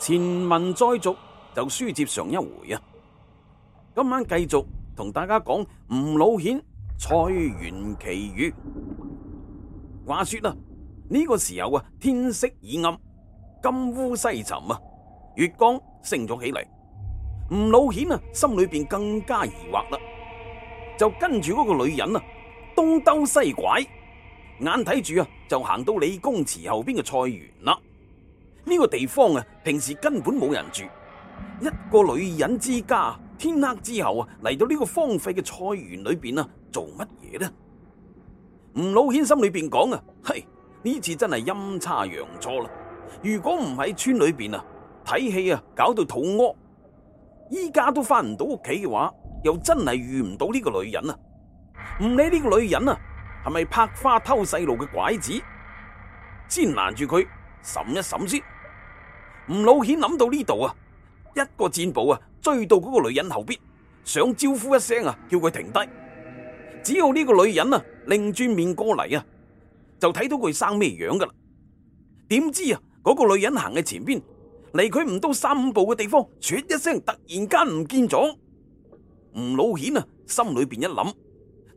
前文再續，就書接上一回啊！今晚繼續同大家講吳老顯菜園奇遇。話說啊，呢個時候啊，天色已暗，金烏西沉啊，月光升咗起嚟。吳老顯啊，心裏邊更加疑惑啦，就跟住嗰個女人啊，東兜西拐，眼睇住啊，就行到李公祠後邊嘅菜園啦。呢個地方啊，平時根本冇人住，一個女人之家，天黑之後啊嚟到呢個荒廢嘅菜園裏邊啊，做乜嘢呢？吳老顯心裏邊講啊，嘿，呢次真係陰差陽錯啦！如果唔喺村裏邊啊睇戲啊，搞到肚屙，依家都翻唔到屋企嘅話，又真係遇唔到呢個女人啊！唔理呢個女人啊係咪拍花偷細路嘅拐子，先攔住佢，審一審先。吳老顯諗到呢度啊，一個箭步啊追到嗰個女人後邊，想招呼一聲啊叫佢停低。只要呢個女人啊擰轉面過嚟，啊就睇到佢生咩樣噶啦。點知啊嗰個女人行喺前邊，離佢唔到三五步嘅地方，啜一聲突然間唔見咗。吳老顯啊心裏邊一諗，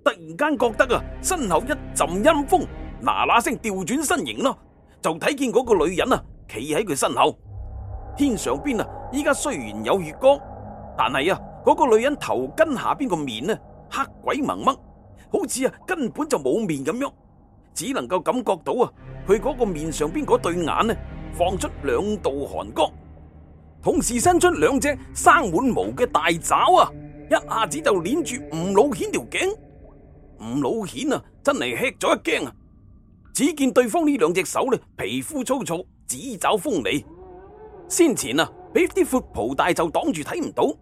突然間覺得啊身後一陣陰風，嗱嗱聲調轉身形咯，就睇見嗰個女人啊企喺佢身後。天上邊啊，依家雖然有月光，但係啊，嗰個女人頭巾下邊個面呢，黑鬼蒙蒙，好似啊根本就冇面咁樣，只能夠感覺到啊，佢嗰個面上邊嗰對眼呢，放出兩道寒光，同時伸出兩隻生滿毛嘅大爪啊，一下子就捻住吳老顯條頸，吳老顯啊，真係吃咗一驚啊！只見對方呢兩隻手呢，皮膚粗糙，指爪鋒利。先前啊，俾啲闊袍大袖擋住睇唔到，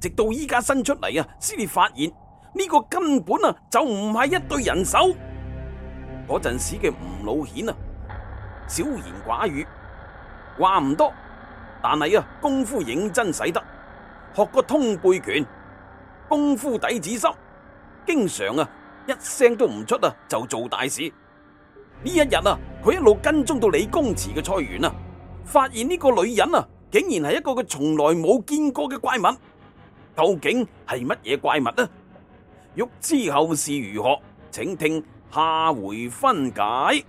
直到依家伸出嚟啊，先至發現呢個根本啊就唔係一對人手。嗰陣時嘅吳老顯啊，少言寡語，話唔多，但係啊功夫認真使得，學過通背拳，功夫底子深，經常啊一聲都唔出啊就做大事。呢一日啊，佢一路跟蹤到李公祠嘅菜園啊。發現呢個女人啊，竟然係一個佢從來冇見過嘅怪物。究竟係乜嘢怪物呢？欲知後事如何，請聽下回分解。